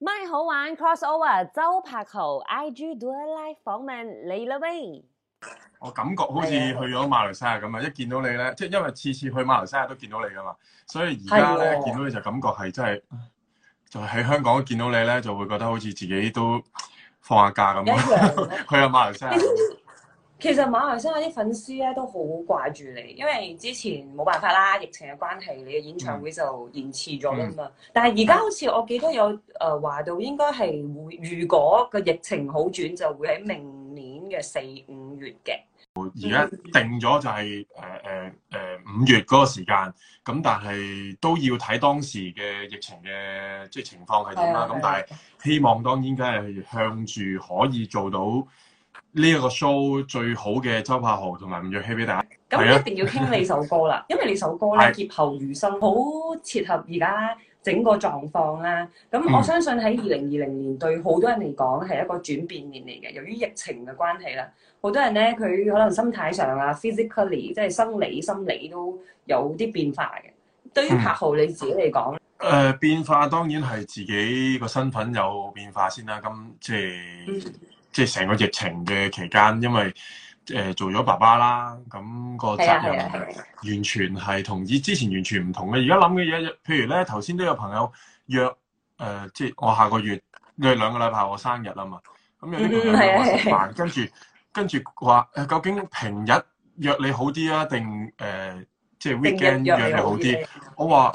咪好玩？Crossover 周柏豪 I G do a live 訪問李樂威，我感覺好似去咗馬來西亞咁啊！一見到你咧，即係因為次次去馬來西亞都見到你噶嘛，所以而家咧見到你就感覺係真係，就喺香港見到你咧，就會覺得好似自己都放下假咁， 去阿馬來西亞。 其實馬來西亞啲粉絲咧都好掛住你，因為之前冇辦法啦，疫情嘅關係，你嘅演唱會就延遲咗啦嘛。嗯、但係而家好似我記得有誒話、呃、到，應該係會如果個疫情好轉，就會喺明年嘅四五月嘅。而家定咗就係誒誒誒五月嗰個時間，咁但係都要睇當時嘅疫情嘅即係情況係點啦。咁 但係希望當然梗係向住可以做到。呢一個 show 最好嘅周柏豪同埋吳若希俾大家，咁一定要傾你首歌啦， 因為你首歌咧是劫後餘生，好切合而家整個狀況啦。咁我相信喺二零二零年對好多人嚟講係一個轉變年嚟嘅，由於疫情嘅關係啦，好多人咧佢可能心態上啊，physically 即係生理心理都有啲變化嘅。對於柏豪你自己嚟講，誒、嗯呃、變化當然係自己個身份有變化先啦。咁即係。嗯即係成個疫情嘅期間，因為誒、呃、做咗爸爸啦，咁、嗯個責任完全係同以之前完全唔同嘅。而家諗嘅嘢，譬如咧頭先都有朋友約誒、呃，即係我下個月，因為兩個禮拜我生日啊嘛，咁、嗯嗯、有啲朋友約我食飯，跟住跟住話誒，究竟平日約你好啲啊，定誒、呃、即係 weekend 約,約你好啲？我話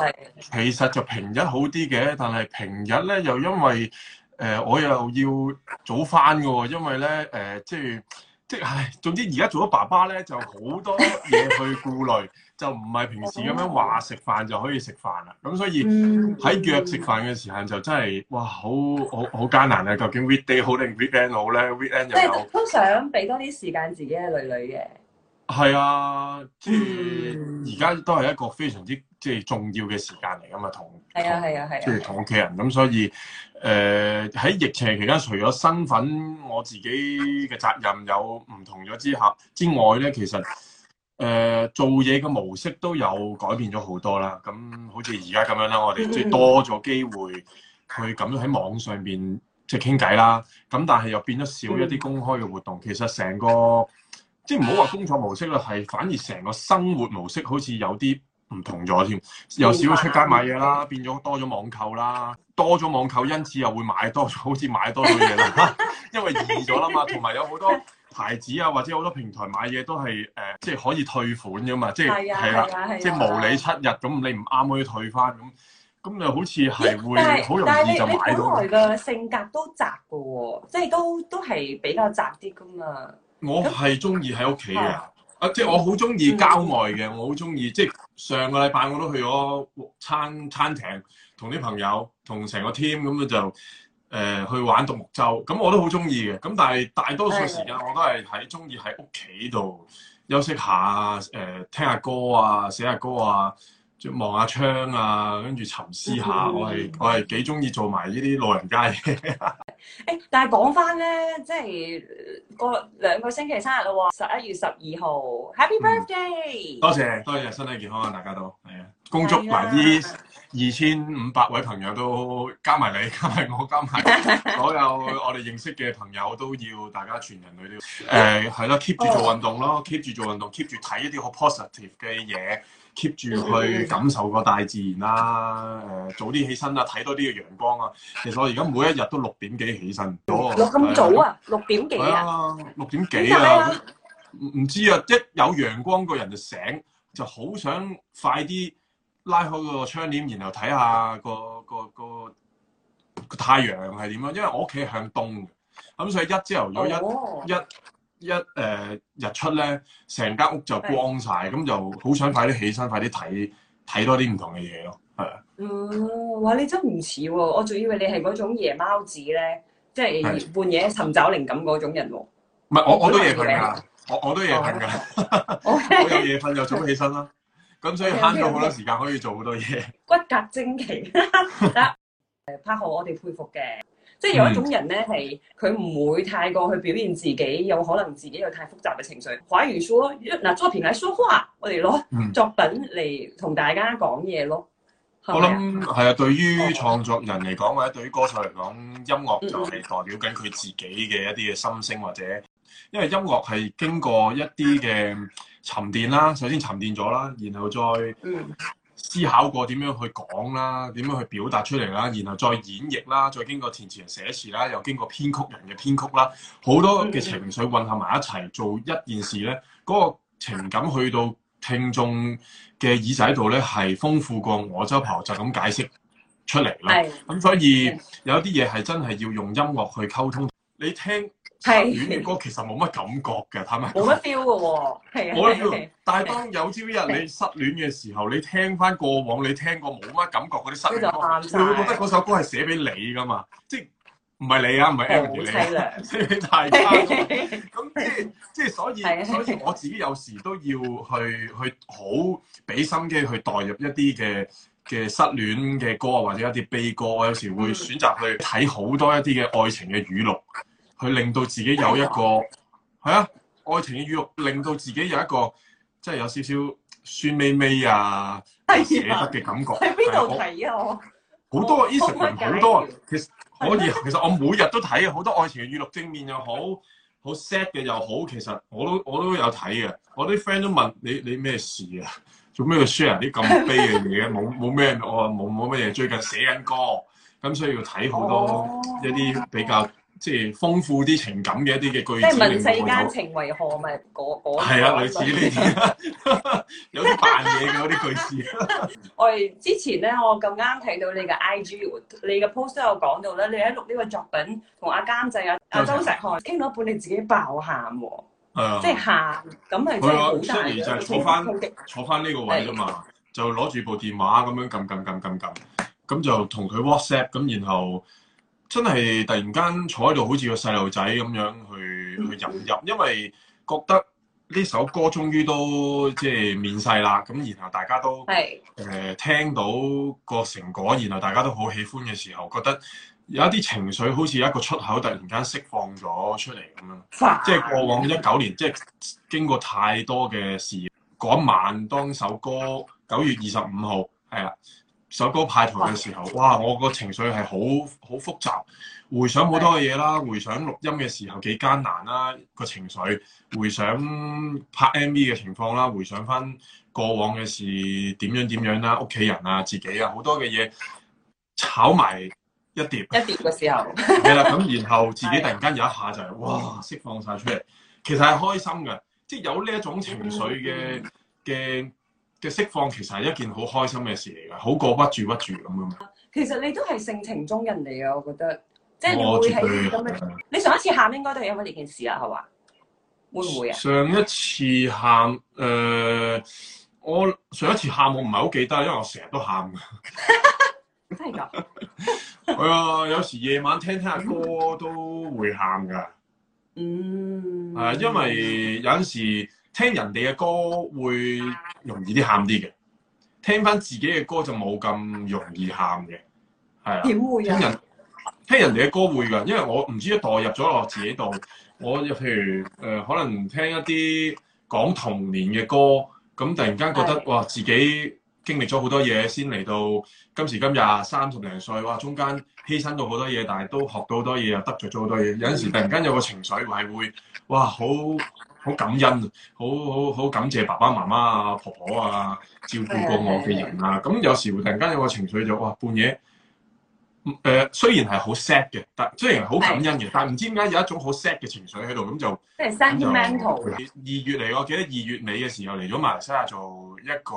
其實就平日好啲嘅，但係平日咧又因為誒、呃、我又要早返嘅喎，因為咧誒、呃、即係即係，唉，總之而家做咗爸爸咧就好多嘢去顧慮， 就唔係平時咁樣話食飯就可以食飯啦。咁所以喺約食飯嘅時間就真係哇，好好好，好艱難啊！究竟 weekday 好定 weekend 好咧？weekend 又有即係都想俾多啲時間自己嘅女女嘅。係 啊，即係而家都係一個非常之～即係重要嘅時間嚟㗎嘛，同係啊，係啊，係啊，即係同屋企人咁，所以誒喺、呃、疫情期間，除咗身份我自己嘅責任有唔同咗之後之外咧，其實誒、呃、做嘢嘅模式都有改變咗好多啦。咁好似而家咁樣啦，我哋即係多咗機會去咁樣喺網上邊即係傾偈啦。咁 但係又變咗少咗一啲公開嘅活動。 其實成個即係唔好話工作模式啦，係反而成個生活模式好似有啲唔同咗添，又少咗出街買嘢啦，變咗多咗網購啦，多咗網購，因此又會買多，好似買多咗嘢啦，因為易咗啦嘛，同埋有好多牌子啊，或者好多平台買嘢都係誒，即係可以退款嘅嘛，即係係啦，即係無理七日，咁你唔啱可以退翻，咁咁就好似係會好容易就買到。但係你你本來嘅性格都宅嘅喎，即係都都係比較宅啲咁嘛。我係中意喺屋企嘅，啊，即係我好中意郊外嘅，我好中意即係。上個禮拜我都去咗餐餐廳，同啲朋友，同成個 team 咁啊就誒、呃、去玩獨木舟，咁我都好中意嘅。咁但係大多數時間我都係喺中意喺屋企度休息下啊，誒、呃、聽下歌啊，寫下歌啊。望下窗啊，跟住沉思下，我係我係幾中意做埋呢啲老人家嘢。誒、 欸，但係講翻咧，即係過兩個星期生日啦喎，十一月十二號，Happy Birthday！多謝、嗯、多謝，身體健康啊，大家都係啊，恭祝埋呢二千五百位朋友都加埋你，加埋我，加埋所有我哋認識嘅朋友，都要大家全人類都要誒，係啦，keep 住做運動咯，keep 住做運動，keep 住睇一啲好 positive 嘅嘢。keep 住去感受個大自然啦、啊，誒、呃、早啲起身啦、啊，睇多啲嘅陽光啊！其實我而家每一日都點六點幾起身，六咁、哎、呀早啊，嗯、六點幾啊，六點幾啊，唔唔知啊，一有陽光個人就醒，就好想快啲拉開個窗簾，然後睇下、嗰個、嗰個、嗰個、嗰個太陽係點樣，因為我屋企係向東嘅，咁所以一朝頭有一一。哦一誒、呃、日出咧，成間屋就光晒，咁就好想快啲起身，快啲睇睇多啲唔同嘅嘢咯，係啊。嗯，哇！你真唔似喎，我仲以為你係嗰種夜貓子咧，即係半夜尋找靈感嗰種人喎。唔係的，我我都夜瞓㗎，我我都夜瞓㗎，okay, 我有夜瞓就早起身啦。咁 所以慳到好多時間，可以做好多嘢。骨骼精奇得。誒拍好，我哋佩服嘅。即係有一種人咧，係佢唔會太過去表現自己，有可能自己有太複雜嘅情緒，話如說，嗱，作品嚟說話，我哋攞作品嚟同大家講嘢咯。嗯、吧我諗係啊，對於創作人嚟講，或者對於歌手嚟講，音樂就係代表緊佢自己嘅一啲嘅心聲，或者因為音樂係經過一啲嘅沉澱啦，首先沉澱咗啦，然後再嗯。思考過點樣去講啦，點樣去表達出嚟啦，然後再演繹啦，再經過填詞人寫詞啦，又經過編曲人嘅編曲啦，好多嘅情緒混合埋一齊做一件事咧，嗰、那個情感去到聽眾嘅耳仔度咧，係豐富過我周婆就咁解釋出嚟啦。咁的所以有啲嘢係真係要用音樂去溝通，你聽。失戀嘅歌其實冇乜感覺嘅，係咪？冇乜 feel 嘅喎。冇乜 feel，但係當有朝一日你失戀嘅時候， 你聽翻過往你聽過冇乜感覺嗰啲失戀，你 就喊曬。你會覺得嗰首歌係寫俾你㗎嘛？即係唔係你啊？唔係 e v e r y 你啊？即係大家。咁即係即係，所以所以我自己有時都要去去好俾心機去代入一啲嘅嘅失戀嘅歌啊，或者一啲悲歌。我有時會選擇去睇好多一啲嘅愛情嘅語錄。佢令到自己有一個係啊，愛情嘅語錄令到自己有一個即係有少少酸味味啊，捨得嘅感覺。喺邊度睇啊？好多 Instagram 好多，其實可以。其實我每日都睇啊，好多愛情嘅語錄正面又好，好 sad 嘅又好，其實我都我都有睇嘅。我啲 friend 都問，你你咩事啊？做咩要 share 啲咁悲嘅嘢？冇冇咩？我冇冇乜嘢？最近寫緊歌，咁所以要睇好多一啲比較。即係豐富啲情感嘅一啲嘅句子，即係問世間情為何？咪嗰嗰係啊，類似呢啲， 有啲扮嘢嘅嗰啲句子。我 哋之前咧，我咁啱睇到你嘅 IG，你嘅 post 都有講到咧，你喺錄呢個作品，同阿、啊、監製阿阿周石漢傾到一半，你自己爆喊喎。係啊，哎、呦即係喊，咁咪佢係好犀利，就係坐翻坐翻呢個位㗎嘛，對 就攞住部電話咁樣撳撳撳撳撳，咁就同佢 WhatsApp，咁然後。真係突然間坐喺度，好似個細路仔咁樣去去投入，因為覺得呢首歌終於都即係面世啦。咁然後大家都係誒的、呃、聽到個成果，然後大家都好喜歡嘅時候，覺得有一啲情緒好似一個出口，突然間釋放咗出嚟咁樣，的即係過往一九年，即係經過太多嘅事。嗰一晚，當首歌九月二十五號係啦。首歌派台嘅時候，哇！我個情緒係好好複雜，回想好多嘢啦，的回想錄音嘅時候幾艱難啦，個情緒，回想拍 MV 嘅情況啦，回想翻過往嘅事點樣點樣啦，屋企人啊、自己啊，好多嘅嘢炒埋一碟一碟嘅時候，係 啦，咁然後自己突然間有一下就係、是、 的哇釋放晒出嚟，其實係開心嘅，即係有呢一種情緒嘅嘅。 嘅釋放其實係一件好開心嘅事嚟噶，好過屈住屈住咁噶嘛。其實你都係性情中人嚟噶，我覺得，即係會係咁嘅。你上一次喊應該都係因為呢件事啊，係嘛？會唔會啊？上一次喊誒、呃，我上一次喊我唔係好記得，因為我成日都喊。 真係的㗎嗎？係啊，有時夜晚聽聽下歌都會喊㗎。嗯。係啊，因為有陣時。聽人哋嘅歌會容易啲喊啲嘅，聽翻自己嘅歌就冇咁容易喊嘅，係啊。點會啊？聽人聽人哋嘅歌會㗎，因為我唔知代入咗我自己度。我譬如誒、呃，可能聽一啲講童年嘅歌，咁、嗯、突然間覺得的哇，自己經歷咗好多嘢，先嚟到今時今日三十零歲，哇！中間犧牲到好多嘢，但係都學到好多嘢，又得罪咗好多嘢。有陣時突然間有個情緒，係會哇好～好感恩，好好好感謝爸爸媽媽啊、婆婆啊照顧過我嘅人啊。咁的有時會突然間有個情緒就哇半夜誒、嗯呃，雖然係好 sad 嘅，但雖然好感恩嘅，的但唔知點解有一種好 sad 嘅情緒喺度，咁就即係 sentimental。二月嚟，我記得二月尾嘅時候嚟咗馬來西亞做一個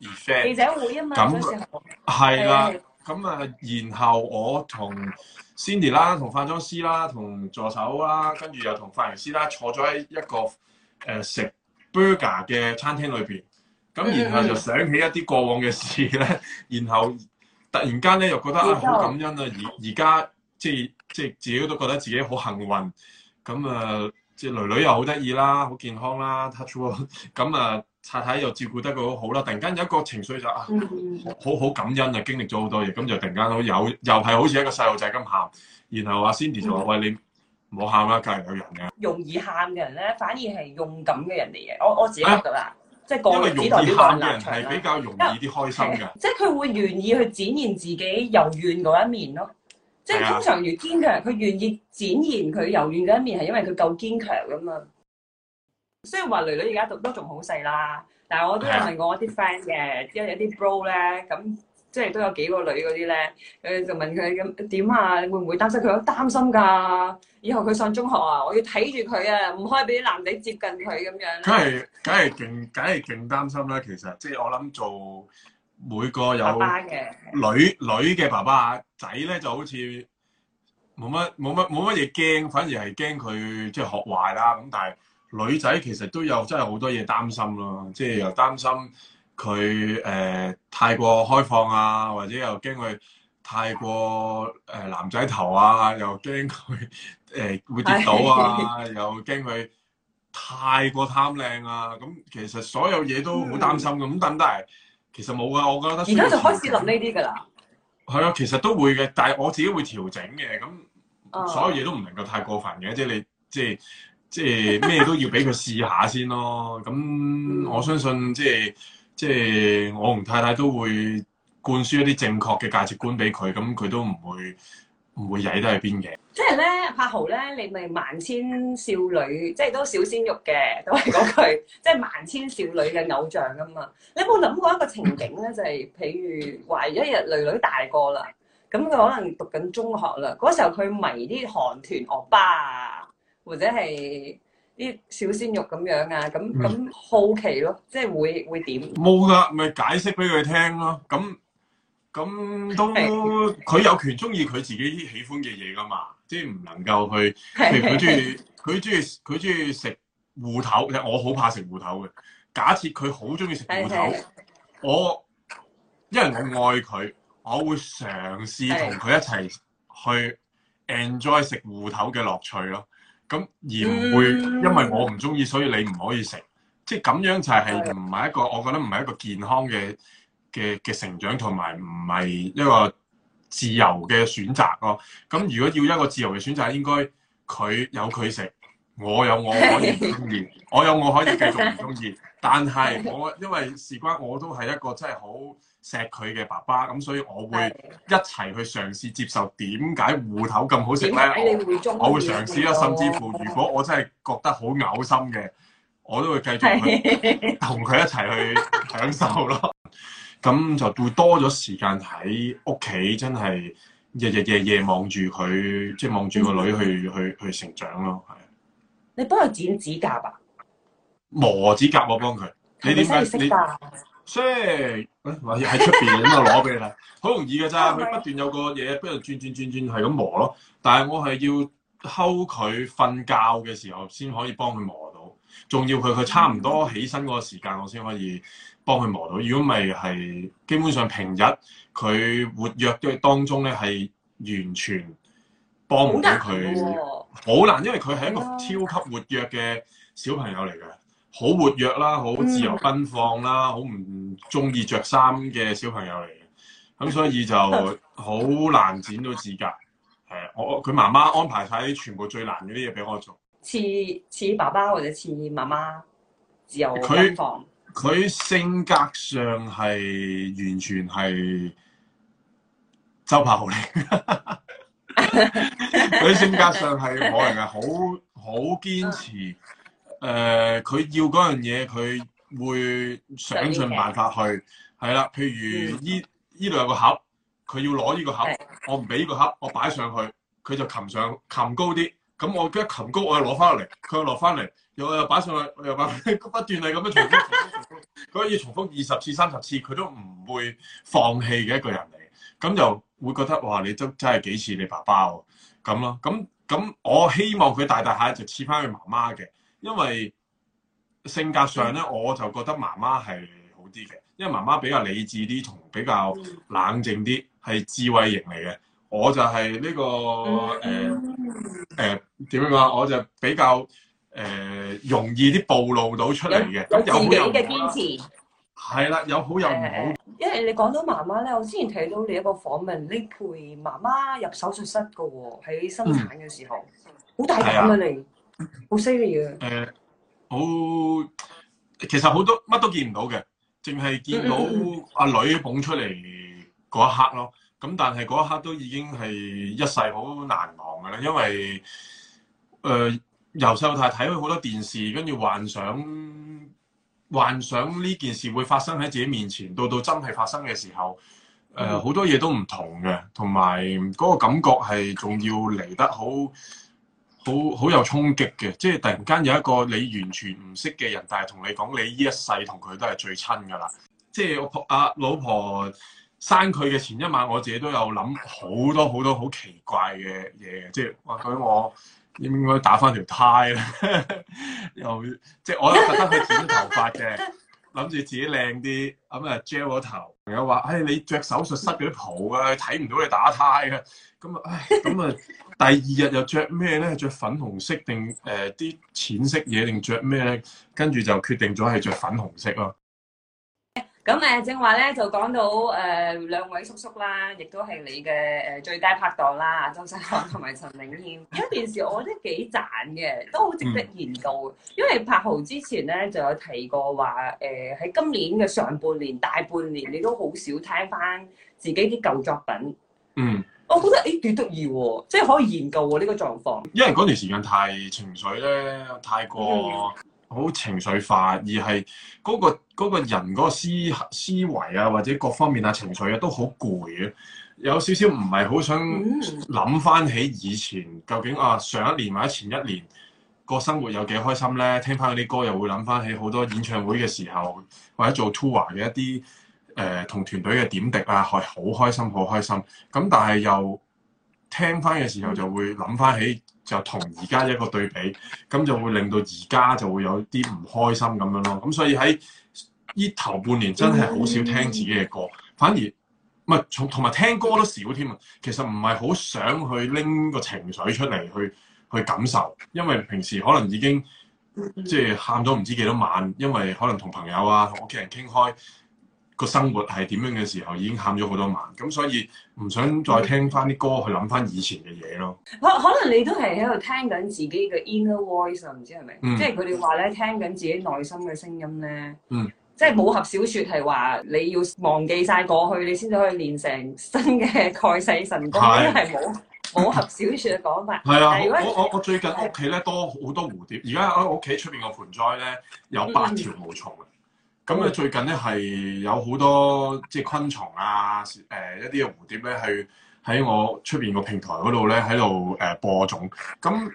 event 記者會啊嘛，咁係啦，咁啊的的，然後我同 Cindy 啦、同化妝師啦、同助手啦，跟住又同髮型師啦坐咗喺一個，誒食、呃、burger 嘅餐廳裏邊，咁然後就想起一啲過往嘅事咧，然後突然間咧又覺得啊好感恩啊，而而家即係即係自己都覺得自己好幸運，咁、嗯、啊，即係囡囡又好得意啦，好健康啦，touch wood 咁、嗯、啊太太又照顧得佢好好啦，突然間有一個情緒就啊好好感恩啊，經歷咗好多嘢，咁就突然間好有又係好似一個細路仔咁喊，然後阿 Cindy 就話喂，你、嗯。冇喊啦，隔日有人嘅。容易喊嘅人咧，反而係勇敢嘅人嚟嘅。我我自己覺得啦，哎、呀即係個子代表力人係比，比較容易啲開心嘅、啊。即係佢會願意去展現自己柔軟嗰一面咯。啊、即係通常越堅強，佢願意展現佢柔軟嗰一面，係因為佢夠堅強咁嘛。雖然話女女而家都仲好細啦，但係我都係問過我啲 friend 嘅，因為、啊、有啲 bro 咧咁。即係都有幾個女嗰啲咧，誒就問佢咁點啊？會唔會擔心？佢都擔心㗎。以後佢上中學啊，我要睇住佢啊，唔可以俾啲男仔接近佢咁樣。梗係，梗係勁，梗係勁擔心啦。其實，即係我諗做每個有女女嘅爸爸仔咧，爸爸就好似冇乜冇乜冇乜嘢驚，反而係驚佢即係學壞啦。咁但係女仔其實都有真係好多嘢擔心咯，即係又擔心。就是擔心嗯佢誒、呃、太過開放啊，或者又驚佢太過誒、呃、男仔頭啊，又驚佢誒會跌倒啊， 又驚佢太過貪靚啊，咁其實所有嘢都好擔心嘅。咁等得嚟，其實冇㗎，我覺得。而家就開始諗呢啲㗎啦。係啊、嗯，其實都會嘅，但係我自己會調整嘅。咁所有嘢都唔能夠太過分嘅，即係你，即係即係咩都要俾佢試下先咯。咁我相信即係。即係我同太太都會灌輸一啲正確嘅價值觀俾佢，咁佢都唔會唔會曳得喺邊嘅。即係咧，柏豪咧，你咪萬千少女，即係都小鮮肉嘅，都係嗰句， 即係萬千少女嘅偶像啊嘛。你有冇諗過一個情景咧？就係、是、譬如話，一日女女大個啦，咁佢可能讀緊中學啦，嗰時候佢迷啲韓團歐巴啊，或者係，啲小鮮肉咁樣啊，咁咁好奇咯，即係會會點？冇㗎，咪解釋俾佢聽咯。咁咁都佢 有權中意佢自己喜歡嘅嘢㗎嘛。即係唔能夠去，譬如佢中意佢中意佢中意食芋頭，我好怕食芋頭嘅。假設佢好中意食芋頭， 我因為我愛佢，我會嘗試同佢一齊去 enjoy 食芋頭嘅樂趣咯。咁而唔會因為我唔中意，所以你唔可以食。即係咁樣就係唔係一個，我覺得唔係一個健康嘅嘅嘅成長同埋唔係一個自由嘅選擇咯。咁如果要一個自由嘅選擇，應該佢有佢食，我有我可以唔中意， 我有我可以繼續唔中意。但係我因為事關我都係一個真係好錫佢嘅爸爸咁，所以我會一齊去嘗試接受點解芋頭咁好食咧？點解你會中？我會嘗試啦，甚至乎如果我真係覺得好嘔心嘅，我都會繼續去同佢一齊去享受咯。咁是的 就會多咗時間喺屋企，真係日日夜夜望住佢，即係望住個女去 去去成長咯。係你幫佢剪指甲啊？磨指甲我幫佢，你點解？即係，或者喺出邊咁就攞俾你睇，好容易㗎咋。佢不，不斷有個嘢不，不斷轉轉轉轉，係咁磨咯。但係我係要溝佢瞓覺嘅時候先可以幫佢磨到，仲要佢佢差唔多起身嗰個時間，我先可以幫佢磨到。如果唔係係，基本上平日佢活躍嘅當中咧，係完全幫唔到佢，好難、哦，因為佢係一個超級活躍嘅小朋友嚟嘅。好活躍啦，好自由奔放啦，好唔中意着衫嘅小朋友嚟嘅，咁所以就好難剪到指甲。係，我佢媽媽安排晒全部最難嗰啲嘢俾我做，似似爸爸或者似媽媽自由奔放，佢佢性格上係完全係周柏豪嚟，佢性格上係可能係好好堅持。誒，佢、呃、要嗰樣嘢，佢會想盡辦法去，係啦。譬如依依度、嗯 e, 有個盒，佢要攞呢個盒，我唔俾依個盒，我擺上去，佢就擒上擒高啲，咁我一擒高，我又攞翻落嚟，佢又攞翻嚟，又又擺上去，又不斷係咁樣重複，重複重複，可以重複二十次、三十次，佢都唔會放棄嘅一個人嚟。咁就會覺得哇，你真真係幾似你爸爸喎，咁咯，咁咁我希望佢大大下就似翻佢媽媽嘅。因為性格上咧，我就覺得媽媽係好啲嘅，因為媽媽比較理智啲，同比較冷靜啲，係智慧型嚟嘅。我就係、這個呃呃、呢個誒誒點樣講？我就比較誒、呃、容易啲暴露出到出嚟嘅，有你嘅堅持。係啦，有好有唔好，有好，有好、呃。因為你講到媽媽咧，我之前睇到你一個訪問，你陪媽媽入手術室㗎喎，喺生產嘅時候好、嗯、大膽啊你。好犀利啊！誒，好、呃，其實好多乜都見唔到嘅，淨係見到阿女捧出嚟嗰一刻咯。咁但係嗰一刻都已經係一世好難忘㗎喇，因為誒由細到大睇咗好多電視，跟住幻想幻想呢件事會發生喺自己面前，到到真係發生嘅時候，誒、呃、好多嘢都唔同嘅，同埋嗰個感覺係仲要嚟得好。好好有衝擊嘅，即係突然間有一個你完全唔識嘅人，但係同你講你呢一世同佢都係最親㗎啦。即係我阿、啊、老婆生佢嘅前一晚，我自己都有諗好多好多好奇怪嘅嘢。即係或許我應該打翻條呔。 」i 又即係我都覺得佢剪頭髮嘅。諗住自己靚啲咁啊，gel 嗰頭，朋友話：唉、哎，你着手術室嗰啲袍啊，睇唔到你打胎嘅，咁啊，咁、哎、啊，第二日又着咩咧？着粉紅色定誒啲淺色嘢定着咩咧？跟住就決定咗係着粉紅色咯。咁誒正話咧，就講到誒、呃、兩位叔叔啦，亦都係你嘅誒、呃、最佳拍檔啦，周生康同埋陳嶺軒。呢件事我覺得幾讚嘅，都好值得研究。嗯、因為拍豪之前咧，就有提過話誒喺今年嘅上半年大半年，你都好少聽翻自己啲舊作品。嗯，我覺得誒幾得意喎，即係可以研究喎呢、呢個狀況。因為嗰段時間太情緒咧，太過。嗯好情緒化，而係嗰個嗰個人嗰個思思維啊，或者各方面啊情緒啊都好攰嘅，有少少唔係好想諗翻起以前究竟啊上一年或者前一年個生活有幾開心咧？聽翻嗰啲歌又會諗翻起好多演唱會嘅時候，或者做 tour 嘅一啲誒同團隊嘅點滴啊，係好開心，好開心。咁但係又。聽翻嘅時候就會諗翻起就同而家一個對比，咁就會令到而家就會有啲唔開心咁樣咯。咁所以喺呢頭半年真係好少聽自己嘅歌，反而唔係同同埋聽歌都少添啊。其實唔係好想去拎個情緒出嚟去去感受，因為平時可能已經即係喊咗唔知幾多晚，因為可能同朋友啊、同屋企人傾開。個生活係點樣嘅時候，已經喊咗好多晚，咁所以唔想再聽翻啲歌去諗翻以前嘅嘢咯。可可能你都係喺度聽緊自己嘅 inner voice，唔知係咪？嗯、即係佢哋話咧，聽緊自己內心嘅聲音咧，嗯、即係武俠小説係話你要忘記晒過去，你先至可以練成新嘅蓋世神功，係冇武俠小説嘅講法。係 啊！係係我我我最近屋企咧多好多蝴蝶，而家我屋企出邊個盆栽咧有八條毛蟲，蟲、嗯。嗯咁咧最近咧係有好多即係昆蟲啊，誒、呃、一啲嘅蝴蝶咧係喺我出邊個平台嗰度咧喺度誒播種。咁誒、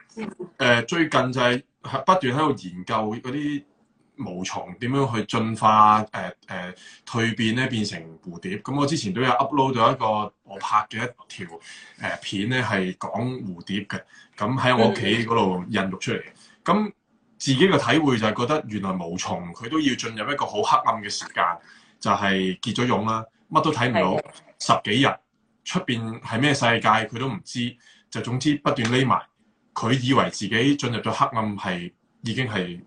呃、最近就係不斷喺度研究嗰啲毛蟲點樣去進化，誒、呃、誒、呃、蛻變咧變成蝴蝶。咁我之前都有 upload 咗一個我拍嘅一條誒、呃、片咧係講蝴蝶嘅。咁喺我屋企嗰度孕育出嚟。咁自己嘅體會就係覺得原來無從，佢都要進入一個好黑暗嘅時間，就係、是、結咗蛹啦，乜都睇唔到，的十幾日出面係咩世界佢都唔知，就總之不斷匿埋，佢以為自己進入咗黑暗係已經係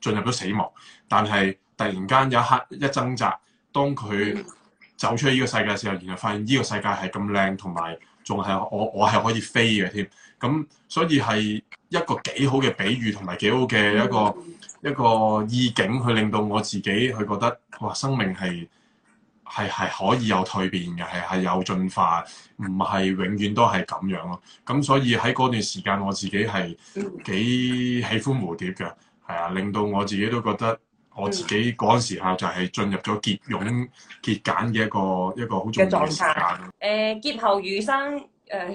進入咗死亡，但係突然間有一刻一掙扎，當佢走出去呢個世界嘅時候，然後發現呢個世界係咁靚同埋，仲係我我係可以飛嘅添，咁所以係一個幾好嘅比喻同埋幾好嘅一個一個意境，佢令到我自己佢覺得哇，生命係係係可以有蛻變嘅，係係有進化，唔係永遠都係咁樣咯。咁所以喺嗰段時間我自己係幾喜歡蝴蝶嘅，係啊，令到我自己都覺得。我自己嗰陣時候就係進入咗結蛹結簡嘅一個一個好重要嘅時間、狀態。誒、呃、劫後餘生誒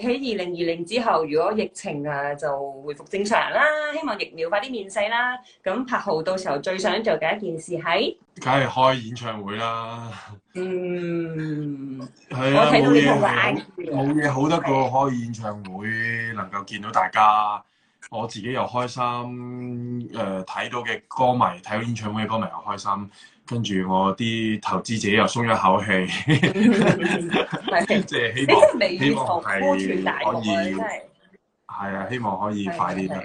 喺二零二零之後，如果疫情啊就回復正常啦，希望疫苗快啲面世啦。咁柏豪到時候最想做嘅一件事係，梗係開演唱會啦。嗯，係、 嗯、啊，我睇到呢個，冇嘢冇嘢好得過開演唱會，嗯、能夠見到大家。我自己又開心，誒、呃、睇到嘅歌迷睇到演唱會嘅歌迷又開心，跟住我啲投資者又鬆咗一口氣， 希望 希望歌團係啊希望可以快啲啊！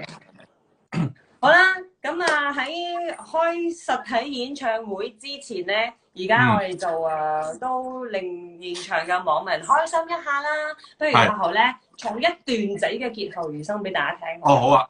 好啦，咁啊喺開實體演唱會之前呢。而家我哋就誒、啊、都令現場嘅網民開心一下啦，不如阿豪咧，的唱一段仔嘅《劫後餘生》俾大家聽。哦，好啊。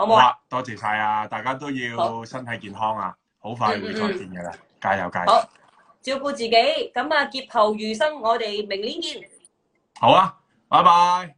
好啦，多謝晒啊！大家都要身體健康啊！好快會再見㗎喇，嗯嗯，加油加油！好，照顧自己，咁啊，劫後餘生，我哋明年見。好啊，拜拜。